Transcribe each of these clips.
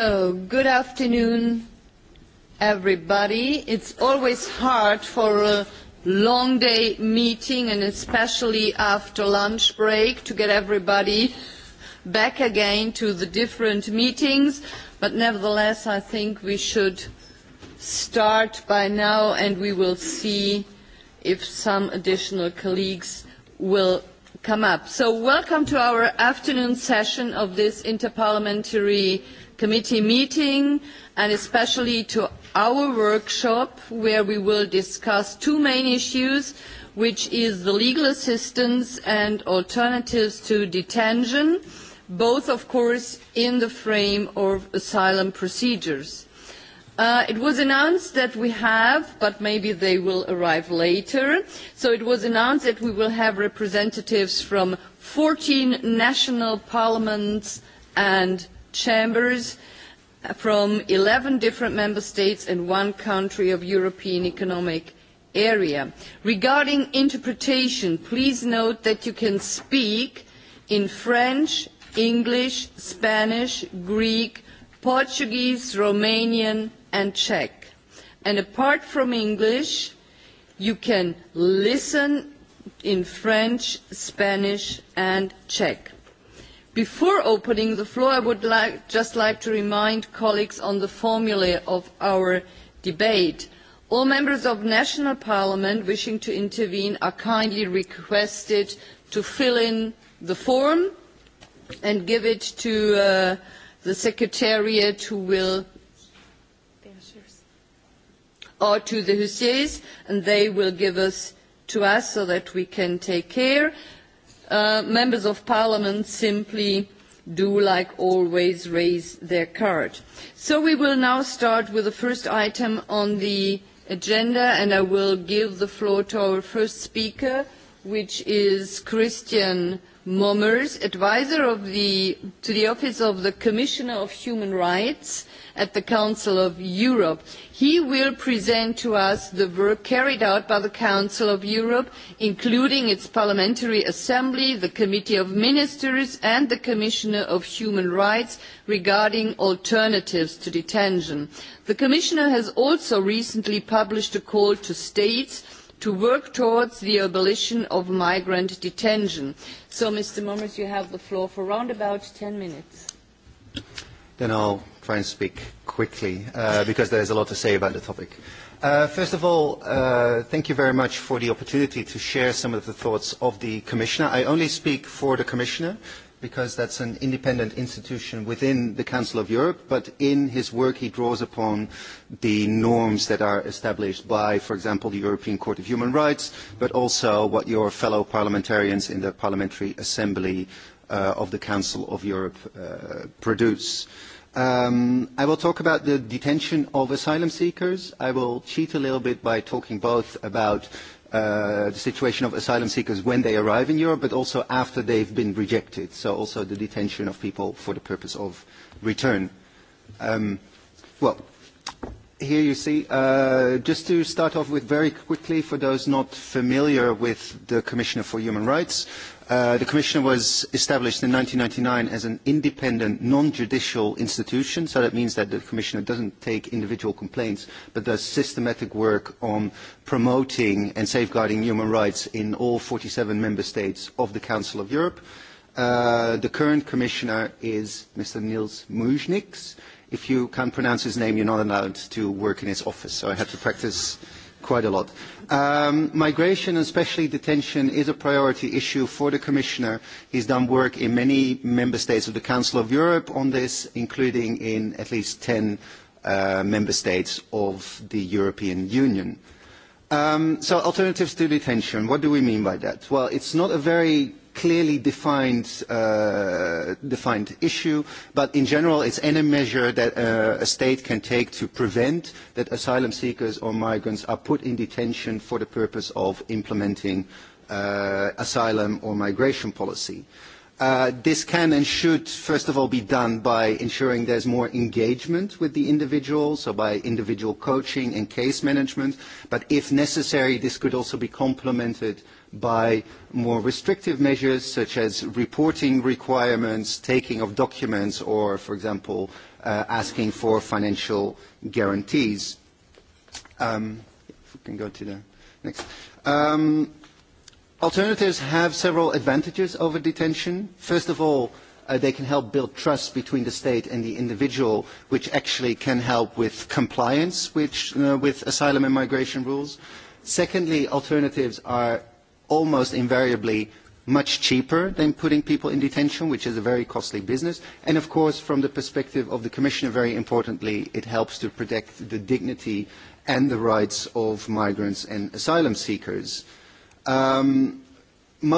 So, good afternoon, everybody. It's always hard for a long day meeting and especially after lunch break to get everybody back again to the different meetings, but nevertheless I think we should start by now and we will see if some additional colleagues will come up. So welcome to our afternoon session of this interparliamentary committee meeting and especially to our workshop where we will discuss two main issues which is the legal assistance and alternatives to detention both of course in the frame of asylum procedures. It was announced that we have, but maybe they will arrive later, so it was announced that we will have representatives from 14 national parliaments and chambers from 11 different member states and one country of European Economic Area. Regarding interpretation, please note that you can speak in French, English, Spanish, Greek, Portuguese, Romanian and Czech. And apart from English, you can listen in French, Spanish and Czech. Before opening the floor, I would just like to remind colleagues on the formula of our debate. All members of national parliament wishing to intervene are kindly requested to fill in the form and give it to the secretariat who will or to the hussiers and they will give us to us so that we can take care members of parliament simply do like always raise their card. So we will now start with the first item on the agenda and I will give the floor to our first speaker which is Christian Mommers, advisor of the to the Office of the Commissioner of Human Rights at the Council of Europe. He will present to us the work carried out by the Council of Europe, including its Parliamentary Assembly, the Committee of Ministers and the Commissioner of Human Rights regarding alternatives to detention. The Commissioner has also recently published a call to states to work towards the abolition of migrant detention. So, Mr. Mummers, you have the floor for around about 10 minutes. Then I'll try and speak quickly, because there is a lot to say about the topic. First of all, thank you very much for the opportunity to share some of the thoughts of the Commissioner. I only speak for the Commissioner, because that's an independent institution within the Council of Europe, but in his work he draws upon the norms that are established by, for example, the European Court of Human Rights, but also what your fellow parliamentarians in the Parliamentary Assembly of the Council of Europe produce. I will talk about the detention of asylum seekers. I will cheat a little bit by talking both about the situation of asylum seekers when they arrive in Europe, but also after they've been rejected, so also the detention of people for the purpose of return. Well, here you see, uh just to start off with very quickly, for those not familiar with the Commissioner for Human Rights, The Commissioner was established in 1999 as an independent, non-judicial institution, so that means that the Commissioner doesn't take individual complaints, but does systematic work on promoting and safeguarding human rights in all 47 member states of the Council of Europe. The current Commissioner is Mr. Nils Mujniks. If you can't pronounce his name, you're not allowed to work in his office, so I have to practice quite a lot. Migration, especially detention, is a priority issue for the Commissioner. He's done work in many member states of the Council of Europe on this, including in at least 10 member states of the European Union. So alternatives to detention, what do we mean by that? Well, it's not a very clearly defined defined issue, but in general it's any measure that a state can take to prevent that asylum seekers or migrants are put in detention for the purpose of implementing asylum or migration policy. This can and should, first of all, be done by ensuring there's more engagement with the individual, so by individual coaching and case management. But if necessary, this could also be complemented by more restrictive measures such as reporting requirements, taking of documents, or, for example, asking for financial guarantees. If can go to the next. Alternatives have several advantages over detention. First of all, they can help build trust between the state and the individual, which actually can help with compliance with asylum and migration rules. Secondly, alternatives are almost invariably much cheaper than putting people in detention, which is a very costly business. And of course, from the perspective of the Commissioner, very importantly, it helps to protect the dignity and the rights of migrants and asylum seekers.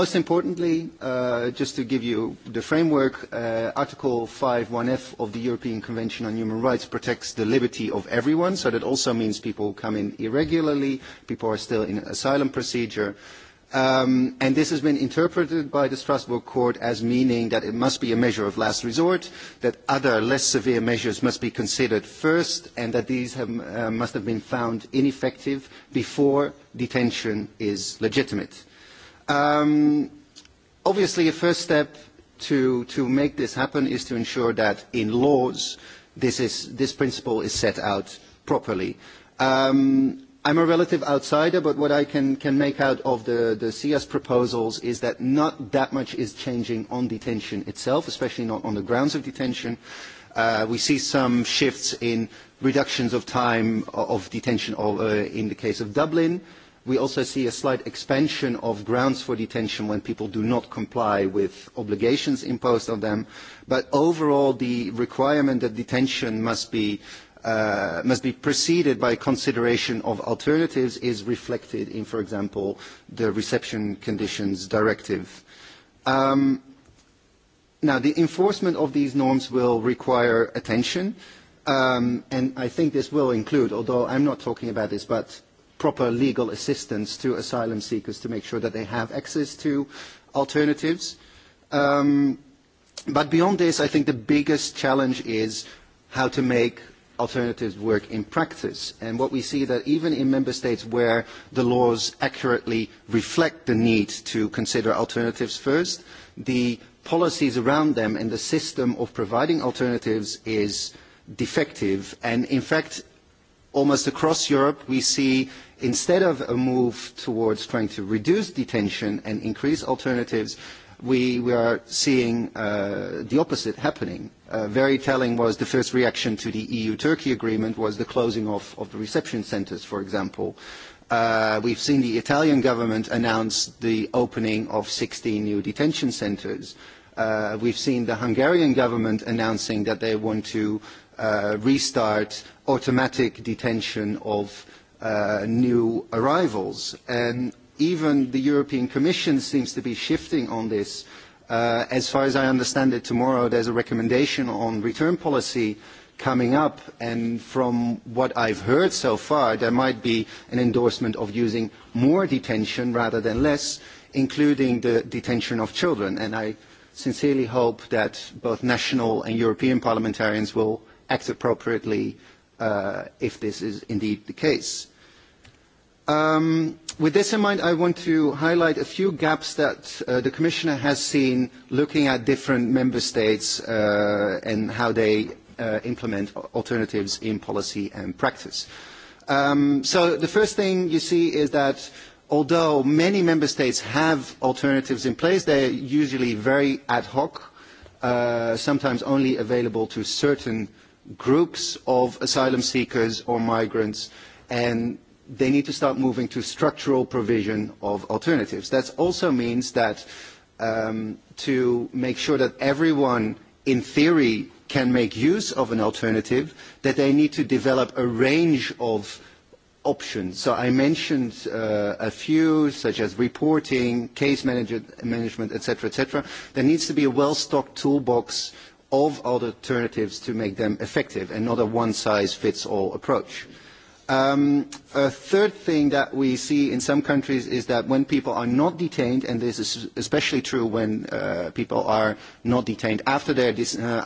Most importantly, just to give you the framework, Article 5.1f of the European Convention on Human Rights protects the liberty of everyone, so that also means people come in irregularly, people are still in asylum procedure and this has been interpreted by the Strasbourg Court as meaning that it must be a measure of last resort, that other less severe measures must be considered first, and that these must have been found ineffective before detention is legitimate. Obviously, a first step to make this happen is to ensure that in laws this principle is set out properly. I'm a relative outsider, but what I can make out of the CS proposals is that not that much is changing on detention itself, especially not on the grounds of detention. We see some shifts in reductions of time of detention in the case of Dublin. We also see a slight expansion of grounds for detention when people do not comply with obligations imposed on them. But overall, the requirement that detention must be must be preceded by consideration of alternatives is reflected in, for example, the reception conditions directive. Now, the enforcement of these norms will require attention, and I think this will include, although I'm not talking about this, but proper legal assistance to asylum seekers to make sure that they have access to alternatives. But beyond this, I think the biggest challenge is how to make alternatives work in practice. And what we see that even in member states where the laws accurately reflect the need to consider alternatives first, the policies around them and the system of providing alternatives is defective. And in fact, almost across Europe, we see instead of a move towards trying to reduce detention and increase alternatives, we were seeing the opposite happening. Very telling was the first reaction to the EU-Turkey agreement was the closing off of the reception centres, for example. We've seen the Italian government announce the opening of 16 new detention centres. We've seen the Hungarian government announcing that they want to restart automatic detention of new arrivals. And even the European Commission seems to be shifting on this. As far as I understand it, tomorrow there's a recommendation on return policy coming up, and from what I've heard so far, there might be an endorsement of using more detention rather than less, including the detention of children. And I sincerely hope that both national and European parliamentarians will act appropriately if this is indeed the case. With this in mind, I want to highlight a few gaps that the Commissioner has seen looking at different member states and how they implement alternatives in policy and practice. So the first thing you see is that although many member states have alternatives in place, they are usually very ad hoc, sometimes only available to certain groups of asylum seekers or migrants, and they need to start moving to structural provision of alternatives. That also means that to make sure that everyone, in theory, can make use of an alternative, that they need to develop a range of options. So I mentioned a few, such as reporting, case management, etc., etc. There needs to be a well-stocked toolbox of alternatives to make them effective and not a one-size-fits-all approach. A third thing that we see in some countries is that when people are not detained, and this is especially true when people are not detained after their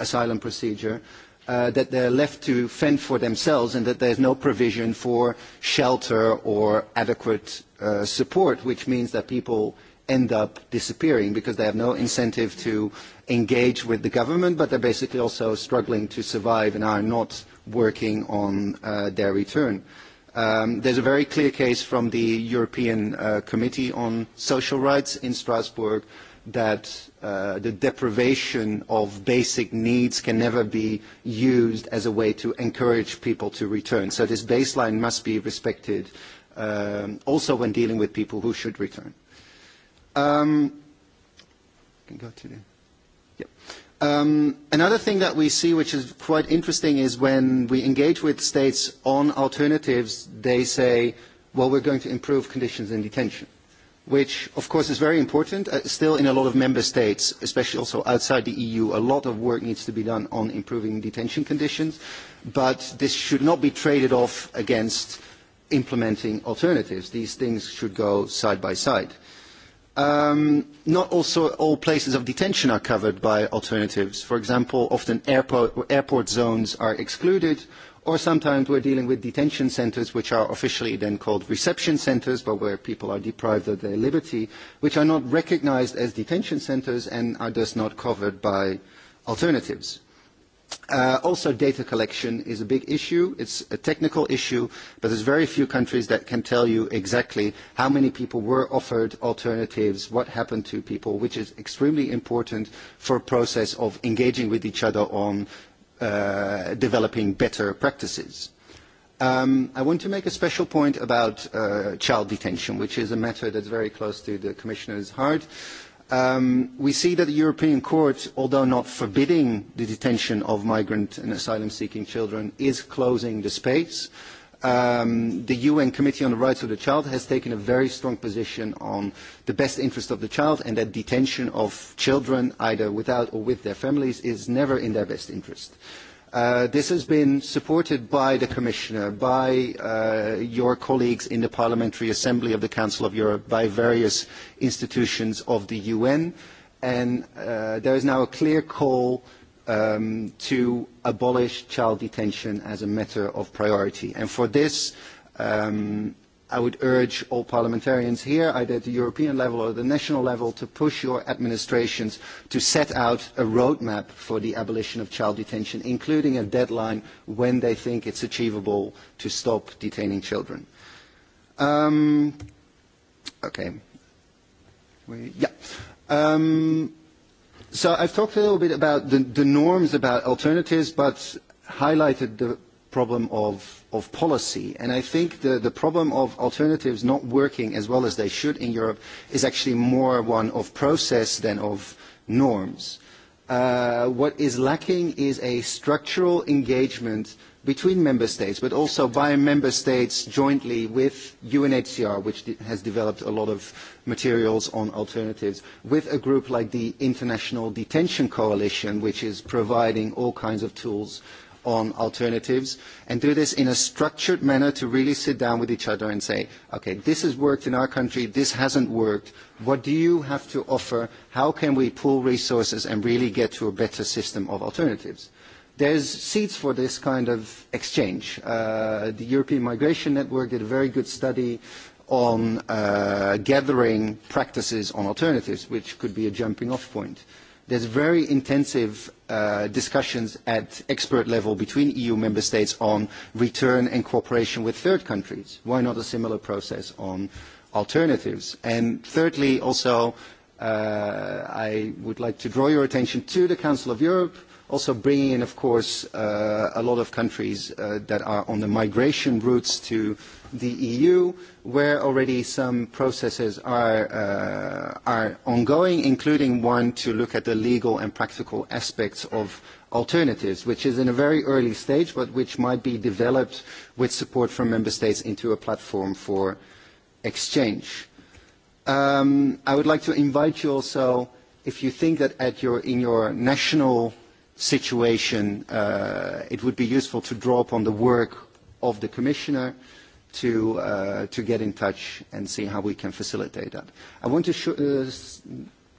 asylum procedure, that they're left to fend for themselves and that there's no provision for shelter or adequate support, which means that people end up disappearing because they have no incentive to engage with the government, but they're basically also struggling to survive and are not working on their return. There's a very clear case from the European Committee on Social Rights in Strasbourg that the deprivation of basic needs can never be used as a way to encourage people to return. So this baseline must be respected also when dealing with people who should return. Can go to the Another thing that we see, which is quite interesting, is when we engage with states on alternatives, they say, well, are going to improve conditions in detention, which, of course, is very important. Still, in a lot of member states, especially also outside the EU, a lot of work needs to be done on improving detention conditions. But this should not be traded off against implementing alternatives. These things should go side by side. Not also all places of detention are covered by alternatives. For example, often airport zones are excluded, or sometimes we are dealing with detention centres, which are officially then called reception centres, but where people are deprived of their liberty, which are not recognised as detention centres and are thus not covered by alternatives. Also, data collection is a big issue. It's a technical issue, but there's very few countries that can tell you exactly how many people were offered alternatives, what happened to people, which is extremely important for a process of engaging with each other on developing better practices. I want to make a special point about child detention, which is a matter that's very close to the Commissioner's heart. We see that the European Court, although not forbidding the detention of migrant and asylum-seeking children, is closing the space. The UN Committee on the Rights of the Child has taken a very strong position on the best interest of the child and that detention of children, either without or with their families, is never in their best interest. This has been supported by the Commissioner, by your colleagues in the Parliamentary Assembly of the Council of Europe, by various institutions of the UN, and there is now a clear call to abolish child detention as a matter of priority. And for this, I would urge all parliamentarians here, either at the European level or the national level, to push your administrations to set out a roadmap for the abolition of child detention, including a deadline when they think it's achievable to stop detaining children. Okay. Yeah. So I've talked a little bit about the norms, about alternatives, but highlighted the problem of of policy. And I think the problem of alternatives not working as well as they should in Europe is actually more one of process than of norms. What is lacking is a structural engagement between member states, but also by member states jointly with UNHCR, which has developed a lot of materials on alternatives, with a group like the International Detention Coalition, which is providing all kinds of tools on alternatives and do this in a structured manner to really sit down with each other and say, okay, this has worked in our country, this hasn't worked, what do you have to offer, how can we pool resources and really get to a better system of alternatives? There's seeds for this kind of exchange. The European Migration Network did a very good study on gathering practices on alternatives, which could be a jumping off point. There's very intensive discussions at expert level between EU member states on return and cooperation with third countries. Why not a similar process on alternatives? And thirdly, also, I would like to draw your attention to the Council of Europe also bringing in, of course, a lot of countries that are on the migration routes to the EU, where already some processes are are ongoing, including one to look at the legal and practical aspects of alternatives, which is in a very early stage, but which might be developed with support from member states into a platform for exchange. I would like to invite you also, if you think that in your national situation, it would be useful to draw upon the work of the Commissioner to get in touch and see how we can facilitate that. I want to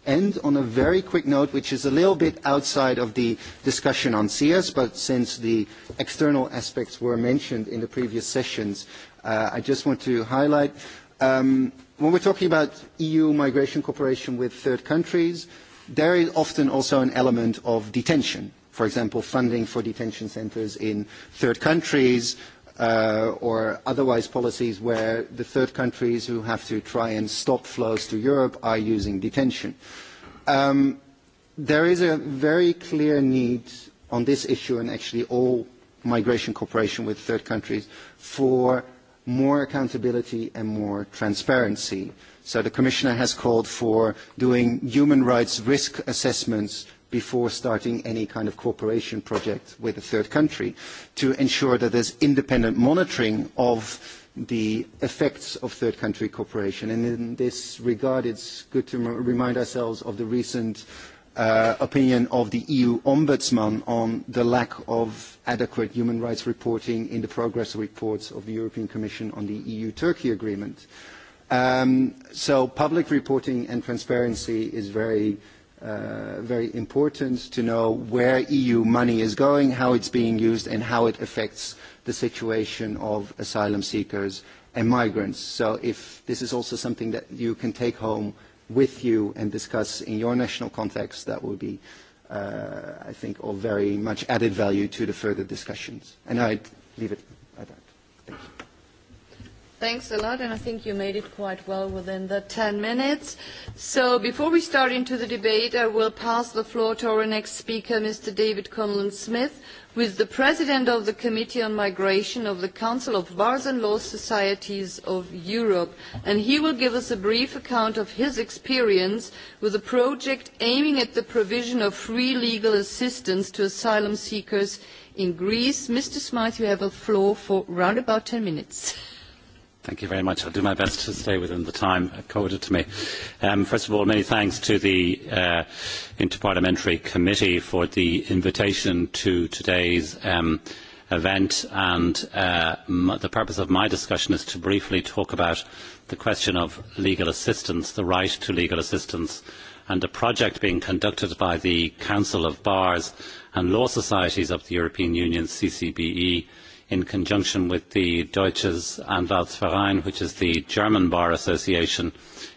end on a very quick note, which is a little bit outside of the discussion on CS, but since the external aspects were mentioned in the previous sessions, I just want to highlight. When we're talking about EU migration cooperation with third countries, there is often also an element of detention. For example, funding for detention centers in third countries or otherwise policies where the third countries who have to try and stop flows to Europe are using detention. There is a very clear need on this issue and actually all migration cooperation with third countries for more accountability and more transparency. So the Commissioner has called for doing human rights risk assessments before starting any kind of cooperation project with a third country to ensure that there's independent monitoring of the effects of third country cooperation. And in this regard, it's good to remind ourselves of the recent opinion of the EU Ombudsman on the lack of adequate human rights reporting in the progress reports of the European Commission on the EU-Turkey agreement So public reporting and transparency is very very important to know where EU money is going, how it's being used, and how it affects the situation of asylum seekers and migrants. So if this is also something that you can take home with you and discuss in your national context, that would be, I think, of very much added value to the further discussions. And I'd leave it. Thanks a lot, and I think you made it quite well within the 10 minutes. So before we start into the debate, I will pass the floor to our next speaker, Mr. David Comlin-Smith, who is the President of the Committee on Migration of the Council of Bars and Law Societies of Europe, and he will give us a brief account of his experience with a project aiming at the provision of free legal assistance to asylum seekers in Greece. Mr. Smith, you have the floor for around about 10 minutes. Thank you very much. I'll do my best to stay within the time accorded to me. First of all, many thanks to the Interparliamentary Committee for the invitation to today's event. And the purpose of my discussion is to briefly talk about the question of legal assistance, the right to legal assistance, and a project being conducted by the Council of Bars and Law Societies of the European Union, CCBE, in conjunction with the Deutsches Anwaltsverein, which is the German Bar Association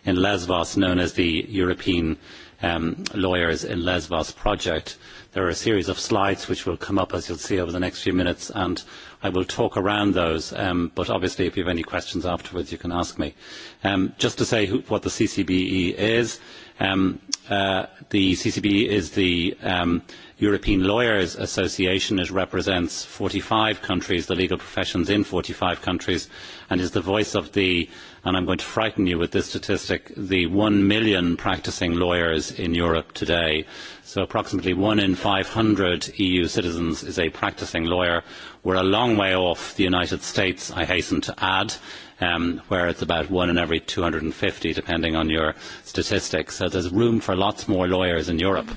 in Lesbos, known as the European Lawyers in Lesbos Project. There are a series of slides which will come up, as you'll see, over the next few minutes, and I will talk around those, but obviously if you have any questions afterwards, you can ask me. Just to say what the CCBE is. The CCB is the European Lawyers Association. It represents 45 countries, the legal professions in 45 countries, and is the voice of the, and I'm going to frighten you with this statistic, the 1 million practicing lawyers in Europe today. So approximately one in 500 EU citizens is a practicing lawyer. We're a long way off the United States, I hasten to add where it's about one in every 250, depending on your statistics. So there's room for lots more lawyers in Europe.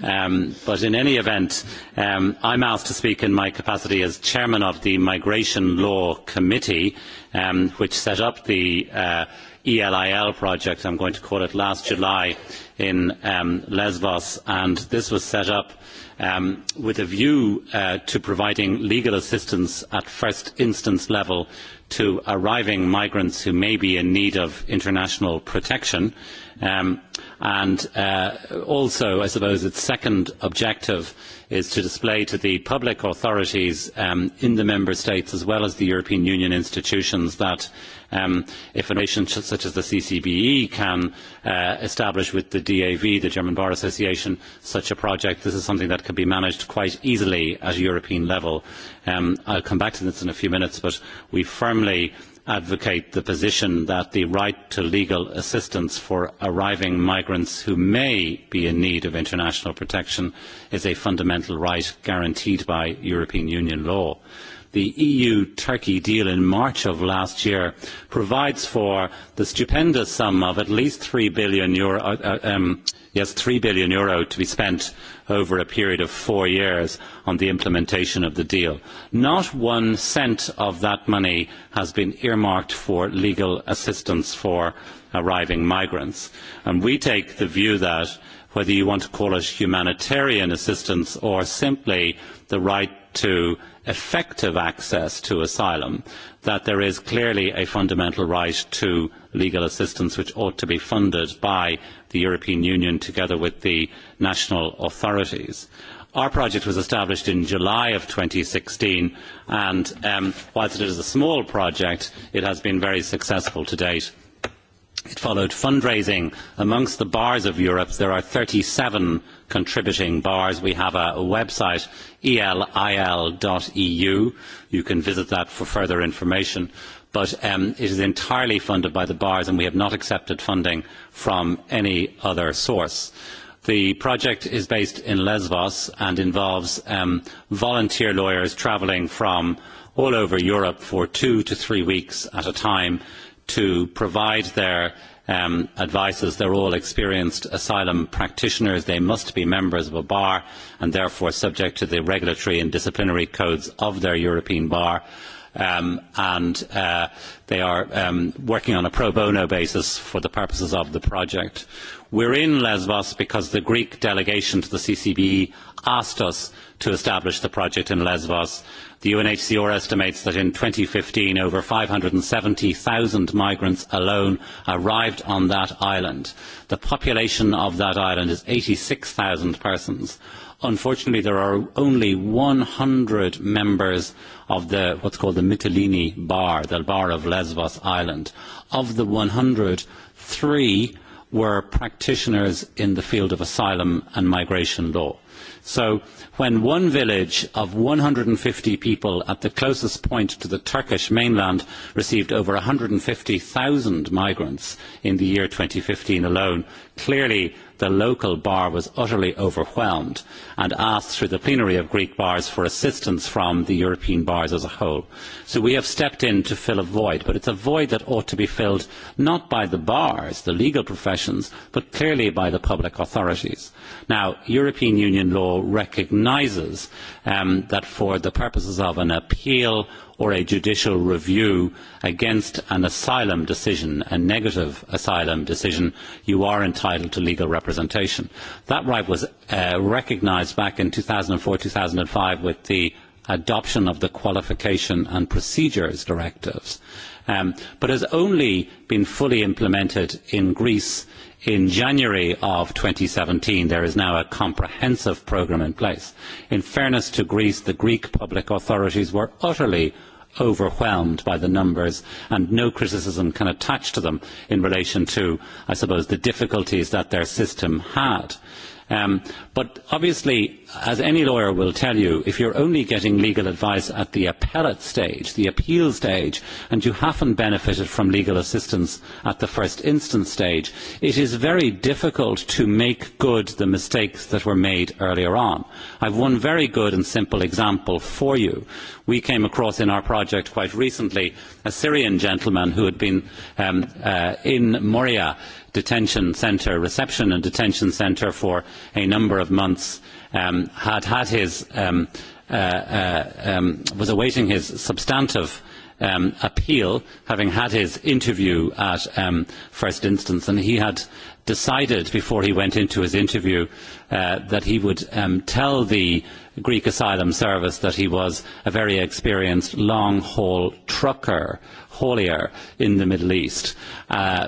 But in any event, I'm asked to speak in my capacity as chairman of the Migration Law Committee, which set up the ELIL project, I'm going to call it, last July in Lesbos. And this was set up with a view to providing legal assistance at first instance level to arriving migrants who may be in need of international protection. And also, I suppose, its second objective is to display to the public authorities in the Member States as well as the European Union institutions that if a nation such as the CCBE can establish with the DAV, the German Bar Association, such a project, this is something that can be managed quite easily at a European level. I'll come back to this in a few minutes, but we firmly advocate the position that the right to legal assistance for arriving migrants who may be in need of international protection is a fundamental right guaranteed by European Union law the EU-Turkey deal in March of last year provides for the stupendous sum of at least 3 billion euro 3 billion to be spent over a period of four years on the implementation of the deal. Not one cent of that money has been earmarked for legal assistance for arriving migrants. And we take the view that whether you want to call it humanitarian assistance or simply the right to effective access to asylum, that there is clearly a fundamental right to legal assistance which ought to be funded by the European Union together with the national authorities. Our project was established in July of 2016 and whilst it is a small project, it has been very successful to date It followed fundraising. Amongst the bars of Europe, there are 37 contributing bars. We have a website, elil.eu. You can visit that for further information. But it is entirely funded by the bars, and we have not accepted funding from any other source. The project is based in Lesbos and involves volunteer lawyers travelling from all over Europe for two to three weeks at a time to provide their advices. are all experienced asylum practitioners. They must be members of a bar and therefore subject to the regulatory and disciplinary codes of their European bar. And they are working on a pro bono basis for the purposes of the project. We're in Lesbos because the Greek delegation to the CCB asked us to establish the project in Lesbos The UNHCR estimates that in fifteen over five hundred and 570,000 migrants alone arrived on that island. The population of that island is eighty 86,000 persons. Unfortunately, there are only 100 members of the is called the Mytilene Bar, the Bar of Lesbos Island. Of the one hundred, three were practitioners in the field of asylum and migration law. So when one village of 150 people at the closest point to the Turkish mainland received over 150,000 migrants in the year 2015 alone, clearly the local bar was utterly overwhelmed and asked through the plenary of greek bars for assistance from the european bars as a whole. so we have stepped in to fill a void but it a void that ought to be filled not by the bars the legal professions but clearly by the public authorities. now european union law recognises that for the purposes of an appeal or a judicial review against an asylum decision, a negative asylum decision, you are entitled to legal representation. That right was recognised back in 2004-2005 with the adoption of the Qualification and Procedures Directives, but has only been fully implemented in Greece in January of 2017. There is now a comprehensive programme in place. In fairness to Greece, the Greek public authorities were utterly overwhelmed by the numbers and no criticism can attach to them in relation to, I suppose, the difficulties that their system had. But obviously, as any lawyer will tell you, if you're only getting legal advice at the appellate stage, the appeal stage, and you haven't benefited from legal assistance at the first instance stage, it is very difficult to make good the mistakes that were made earlier on. I have one very good and simple example for you. We came across in our project quite recently a Syrian gentleman who had been in Moria detention centre, reception and detention centre for a number of months, had had his, was awaiting his substantive appeal, having had his interview at first instance, and he had decided before he went into his interview that he would tell the Greek Asylum Service that he was a very experienced long-haul trucker haulier in the Middle East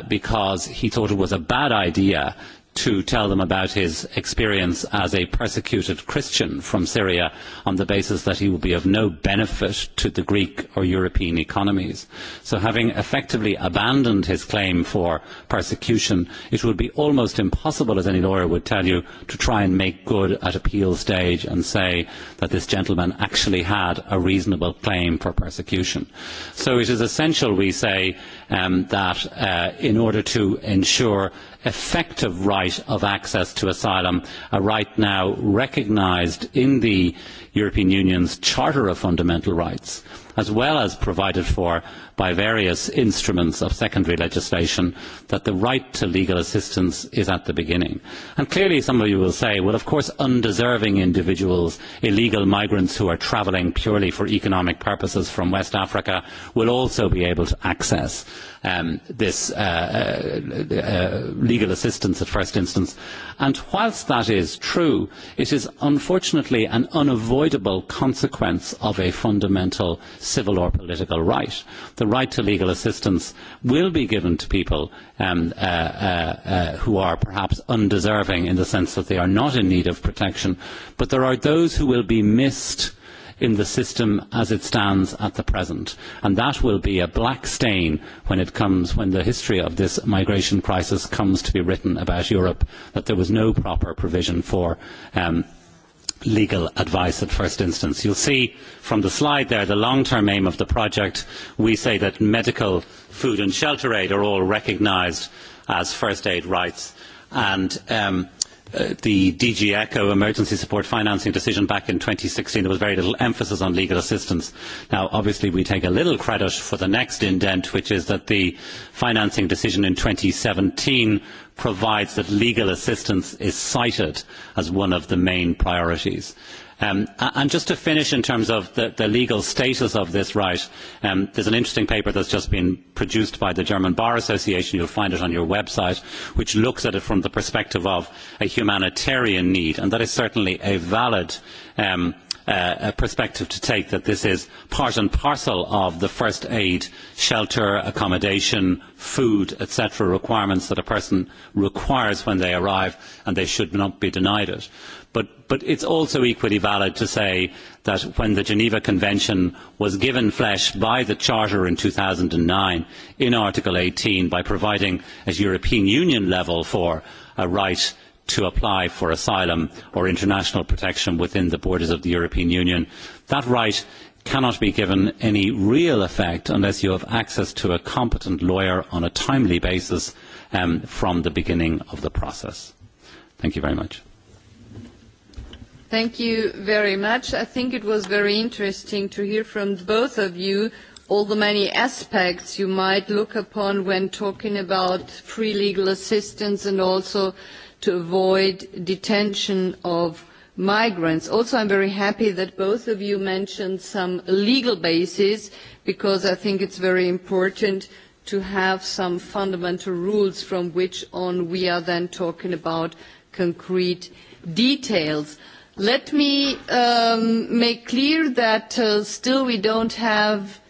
because he thought it was a bad idea to tell them about his experience as a persecuted Christian from Syria on the basis that he would be of no benefit to the Greek or European economies. So having effectively abandoned his claim for persecution, it would be almost impossible, as any lawyer would tell you, to try and make good at appeal stage and say that this gentleman actually had a reasonable claim for persecution. So it is essential, we say, that in order to ensure effective right of access to asylum, a right now recognised in the European Union's Charter of Fundamental Rights, as well as provided for by various instruments of secondary legislation that the right to legal assistance is at the beginning. And clearly some of you will say, well, of course, undeserving individuals, illegal migrants who are travelling purely for economic purposes from West Africa will also be able to access this legal assistance at first instance. And whilst that is true, it is unfortunately an unavoidable consequence of a fundamental civil or political right the right to legal assistance will be given to people who are perhaps undeserving in the sense that they are not in need of protection, but there are those who will be missed in the system as it stands at the present and that will be a black stain when it comes when the history of this migration crisis comes to be written about europe that there was no proper provision for legal advice at first instance. You'll see from the slide there the long-term aim of the project. We say that medical, food and shelter aid are all recognised as first aid rights and the DG ECHO emergency support financing decision back in 2016, there was very little emphasis on legal assistance. Now, obviously, we take a little credit for the next indent, which is that the financing decision in 2017 provides that legal assistance is cited as one of the main priorities. And just to finish in terms of the legal status of this right, there's an interesting paper that's just been produced by the German Bar Association, you'll find it on your website, which looks at it from the perspective of a humanitarian need, and that is certainly a valid a perspective to take that this is part and parcel of the first aid, shelter, accommodation, food, etc. requirements that a person requires when they arrive and they should not be denied it. But it is also equally valid to say that when the Geneva Convention was given flesh by the Charter in 2009 in Article 18 by providing at European Union level for a right to apply for asylum or international protection within the borders of the European Union. That right cannot be given any real effect unless you have access to a competent lawyer on a timely basis from the beginning of the process. Thank you very much. Thank you very much. I think it was very interesting to hear from both of you all the many aspects you might look upon when talking about free legal assistance and also to avoid detention of migrants. Also, I'm very happy that both of you mentioned some legal basis, because I think it's very important to have some fundamental rules from which on we are then talking about concrete details. Let me make clear that still we don't have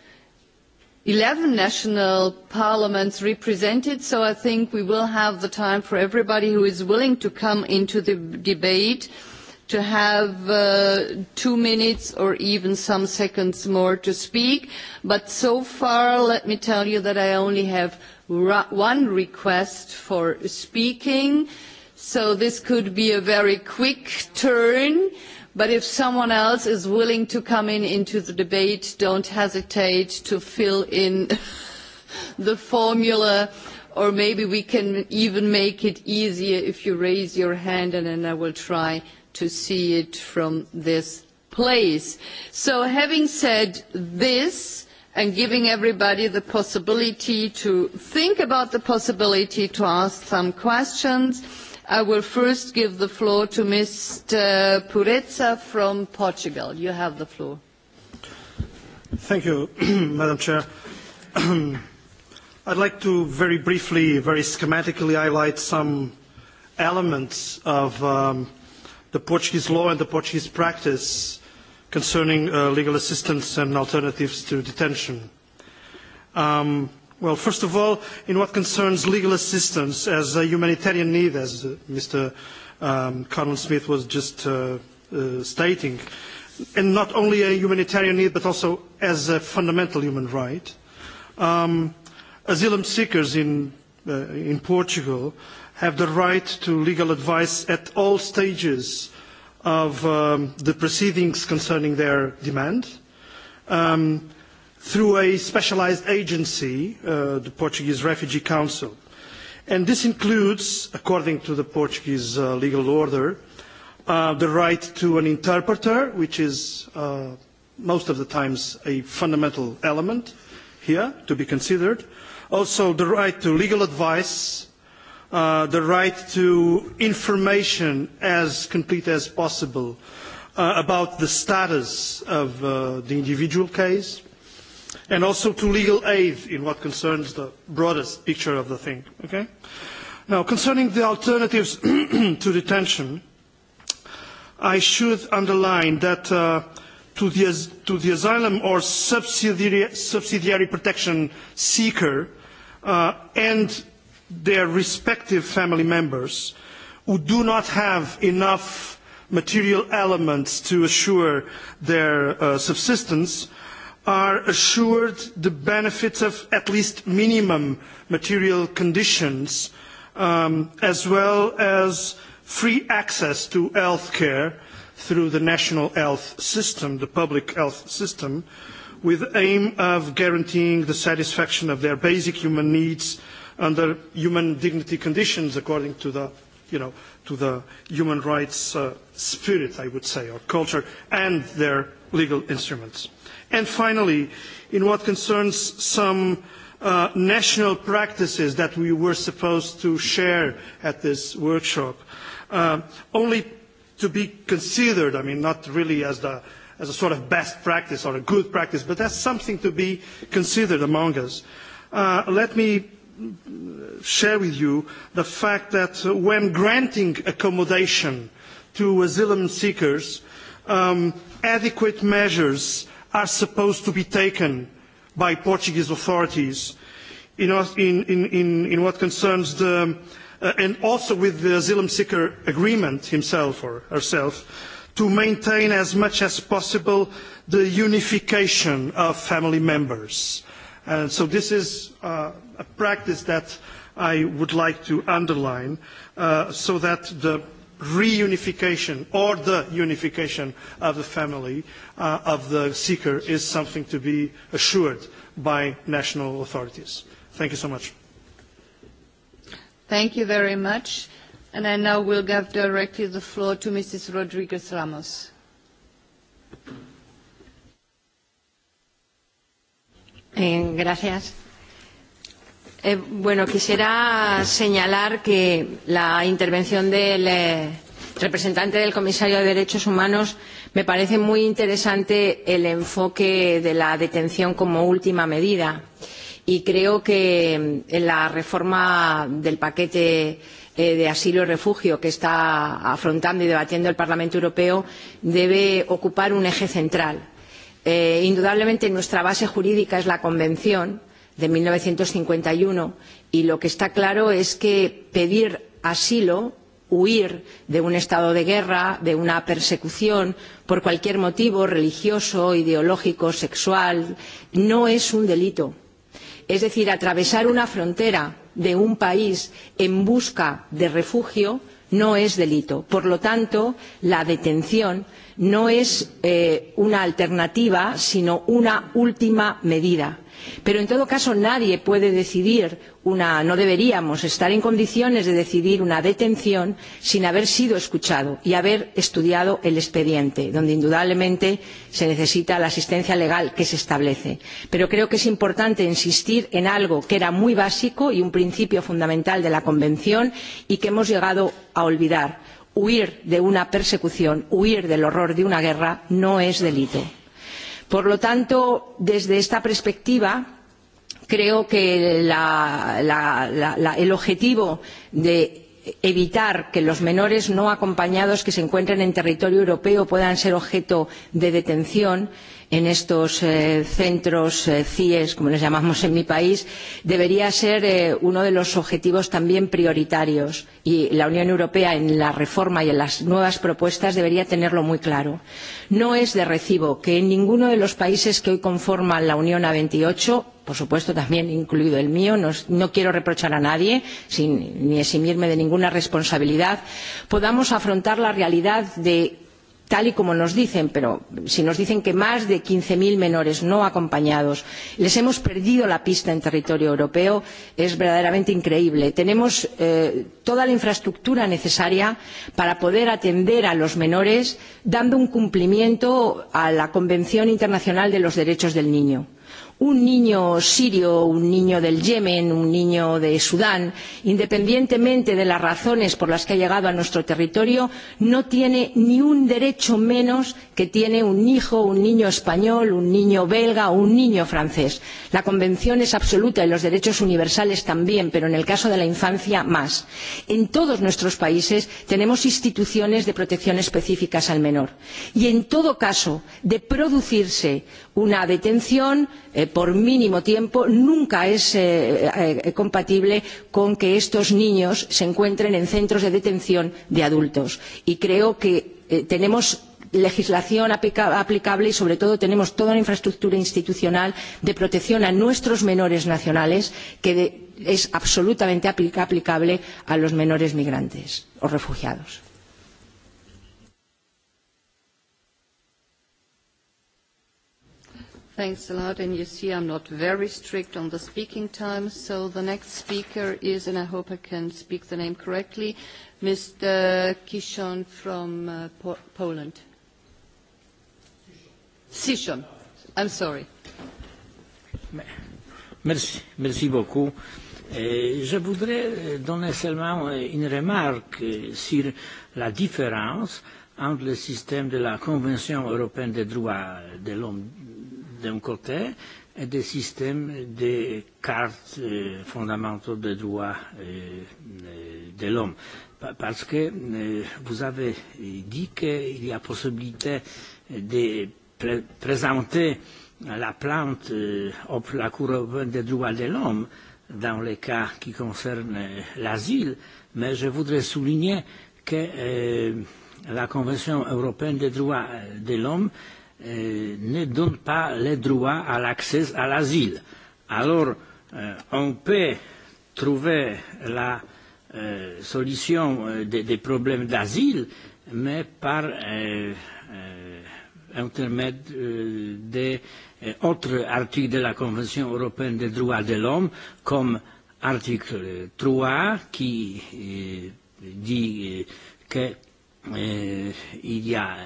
11 national parliaments represented, so I think we will have the time for everybody who is willing to come into the debate to have two minutes or even some seconds more to speak. But so far, let me tell you that I only have one request for speaking, so this could be a very quick turn But if someone else is willing to come in into the debate, don't hesitate to fill in the formula, or maybe we can even make it easier if you raise your hand, and then I will try to see it from this place. So having said this, and giving everybody the possibility to think about the possibility to ask some questions, I will first give the floor to Mr. Pureza from Portugal. You have the floor. Thank you, Madam Chair. I'd like to very briefly, very schematically highlight some elements of the Portuguese law and the Portuguese practice concerning legal assistance and alternatives to detention. Well, first of all, in what concerns legal assistance as a humanitarian need, as Mr. Carmen-Smith was just stating, and not only a humanitarian need but also as a fundamental human right, asylum seekers in Portugal have the right to legal advice at all stages of the proceedings concerning their demand through a specialised agency, the Portuguese Refugee Council. And this includes, according to the Portuguese legal order, the right to an interpreter, which is most of the times a fundamental element here to be considered, also the right to legal advice, the right to information as complete as possible about the status of the individual case, and also to legal aid in what concerns the broadest picture of the thing. Now, concerning the alternatives to detention, I should underline that to the asylum or subsidiary protection seeker and their respective family members who do not have enough material elements to assure their subsistence, are assured the benefits of at least minimum material conditions, as well as free access to health care through the national health system, the public health system, with the aim of guaranteeing the satisfaction of their basic human needs under human dignity conditions according to the to the human rights spirit, I would say, or culture, and their legal instruments. And finally, in what concerns some national practices that we were supposed to share at this workshop, only to be considered, I mean, not really as a sort of best practice or a good practice, but as something to be considered among us. Let me share with you the fact that when granting accommodation to asylum seekers, adequate measures are supposed to be taken by Portuguese authorities in what concerns the and also with the asylum seeker agreement himself or herself to maintain as much as possible the unification of family members. So this is a practice that I would like to underline so that the reunification or the unification of the family of the seeker is something to be assured by national authorities. Thank you so much. Thank you very much. And I now will give directly the floor to Mrs. Rodriguez Ramos. Gracias. Bueno, quisiera señalar que la intervención del representante del comisario de Derechos Humanos me parece muy interesante el enfoque de la detención como última medida y creo que en la reforma del paquete de asilo y refugio que está afrontando y debatiendo el Parlamento Europeo debe ocupar un eje central. Indudablemente nuestra base jurídica es la Convención de 1951 y lo que está claro es que pedir asilo huir de un estado de guerra de una persecución por cualquier motivo religioso ideológico sexual no es un delito es decir atravesar una frontera de un país en busca de refugio no es delito por lo tanto la detención no es una alternativa sino una última medida pero en todo caso nadie puede decidir una no deberíamos estar en condiciones de decidir una detención sin haber sido escuchado y haber estudiado el expediente donde indudablemente se necesita la asistencia legal que se establece pero creo que es importante insistir en algo que era muy básico y un principio fundamental de la convención y que hemos llegado a olvidar huir de una persecución huir del horror de una guerra no es delito Por lo tanto, desde esta perspectiva, creo que el objetivo de evitar que los menores no acompañados que se encuentren en territorio europeo puedan ser objeto de detención en estos centros CIES, como les llamamos en mi país, debería ser uno de los objetivos también prioritarios y la Unión Europea en la reforma y en las nuevas propuestas debería tenerlo muy claro. No es de recibo que en ninguno de los países que hoy conforman la Unión A28 por supuesto también incluido el mío no quiero reprochar a nadie ni eximirme de ninguna responsabilidad podamos afrontar la realidad de tal y como nos dicen, pero si nos dicen que más de 15.000 menores no acompañados les hemos perdido la pista en territorio europeo, es verdaderamente increíble. Tenemos toda la infraestructura necesaria para poder atender a los menores dando un cumplimiento a la Convención Internacional de los Derechos del Niño un niño sirio, un niño del Yemen, un niño de Sudán, independientemente de las razones por las que ha llegado a nuestro territorio, no tiene ni un derecho menos que tiene un hijo, un niño español, un niño belga o un niño francés. La Convención es absoluta y los derechos universales también, pero en el caso de la infancia más. En todos nuestros países tenemos instituciones de protección específicas al menor. Y en todo caso, de producirse una detención por mínimo tiempo nunca es compatible con que estos niños se encuentren en centros de detención de adultos y creo que tenemos legislación aplicable y sobre todo tenemos toda una infraestructura institucional de protección a nuestros menores nacionales que es absolutamente aplicable a los menores migrantes o refugiados. Thanks a lot. And you see I'm not very strict on the speaking time. So the next speaker is, and I hope I can speak the name correctly, Mr. Kishon from Poland. Sishon. I'm sorry. Merci, merci beaucoup. Je voudrais donner seulement une remarque sur la différence entre le système de la Convention européenne des droits de l'homme d'un côté et des systèmes de cartes fondamentaux des droits de l'homme. Parce que vous avez dit qu'il y a possibilité de présenter la plante de la Cour européenne des droits de l'homme dans les cas qui concernent l'asile, mais je voudrais souligner que la Convention européenne des droits de l'homme ne donne pas le droit à l'accès à l'asile. Alors, on peut trouver la solution des problèmes d'asile, mais par intermède des autres articles de la Convention européenne des droits de l'homme, comme article 3, qui dit qu'il y a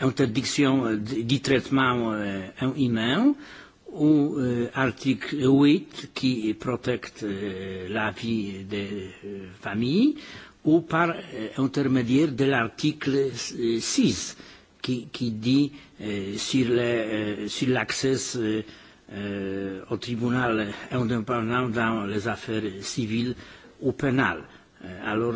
interdiction du traitement humain ou article 8 qui protecte la vie des familles ou par intermédiaire de l'article 6 qui dit sur l'accès au tribunal indépendant dans les affaires civiles ou pénales Alors,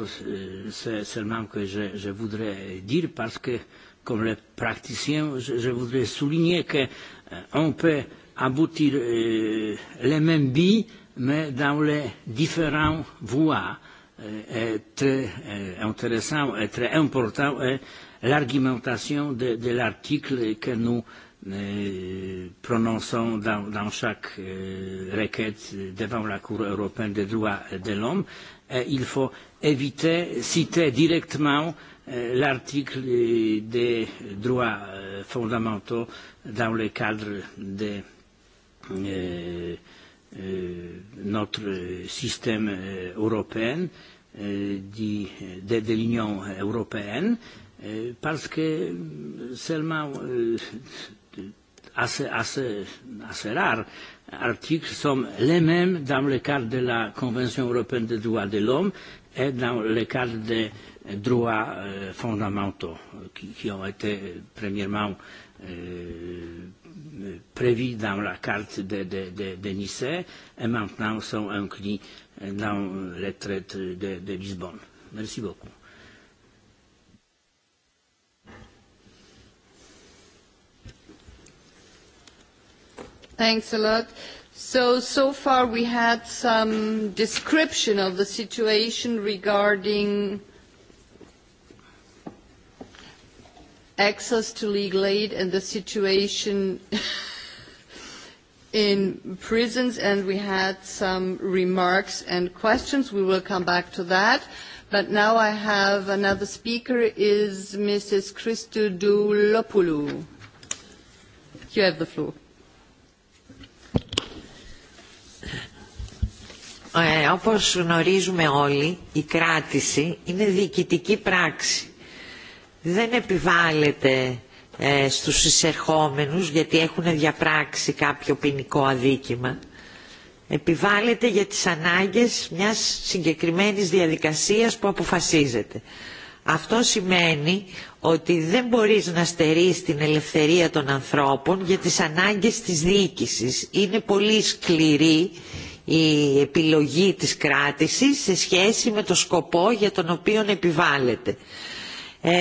c'est seulement que je voudrais dire, parce que, comme le praticien, je voudrais souligner qu'on peut aboutir les mêmes billes, mais dans les différentes voies. Très intéressant et très important est l'argumentation de l'article que nous prononçant dans chaque requête devant la Cour européenne des droits de l'homme. Il faut éviter de citer directement l'article des droits fondamentaux dans le cadre de notre système européen, de l'Union européenne, parce que seulement à se rare article sont les mêmes dans le cadre de la Convention européenne des droits de l'homme et dans le cadre des droits fondamentaux qui ont été premièrement prévus dans la carte de de Nice et maintenant sont inclus dans les traités de Lisbonne. Merci beaucoup. Thanks a lot. So, so far we had some description of the situation regarding access to legal aid and the situation in prisons, and we had some remarks and questions. We will come back to that. But now I have another speaker, is Mrs. Christodoulopoulou. You have the floor. Ε, όπως γνωρίζουμε όλοι, η κράτηση είναι διοικητική πράξη. Δεν επιβάλλεται ε, στους εισερχόμενους γιατί έχουν διαπράξει κάποιο ποινικό αδίκημα. Επιβάλλεται για τις ανάγκες μιας συγκεκριμένης διαδικασίας που αποφασίζεται. Αυτό σημαίνει ότι δεν μπορείς να στερείς την ελευθερία των ανθρώπων για τις ανάγκες της διοίκησης. Είναι πολύ σκληρή η επιλογή της κράτησης σε σχέση με το σκοπό για τον οποίο επιβάλλεται. Ε,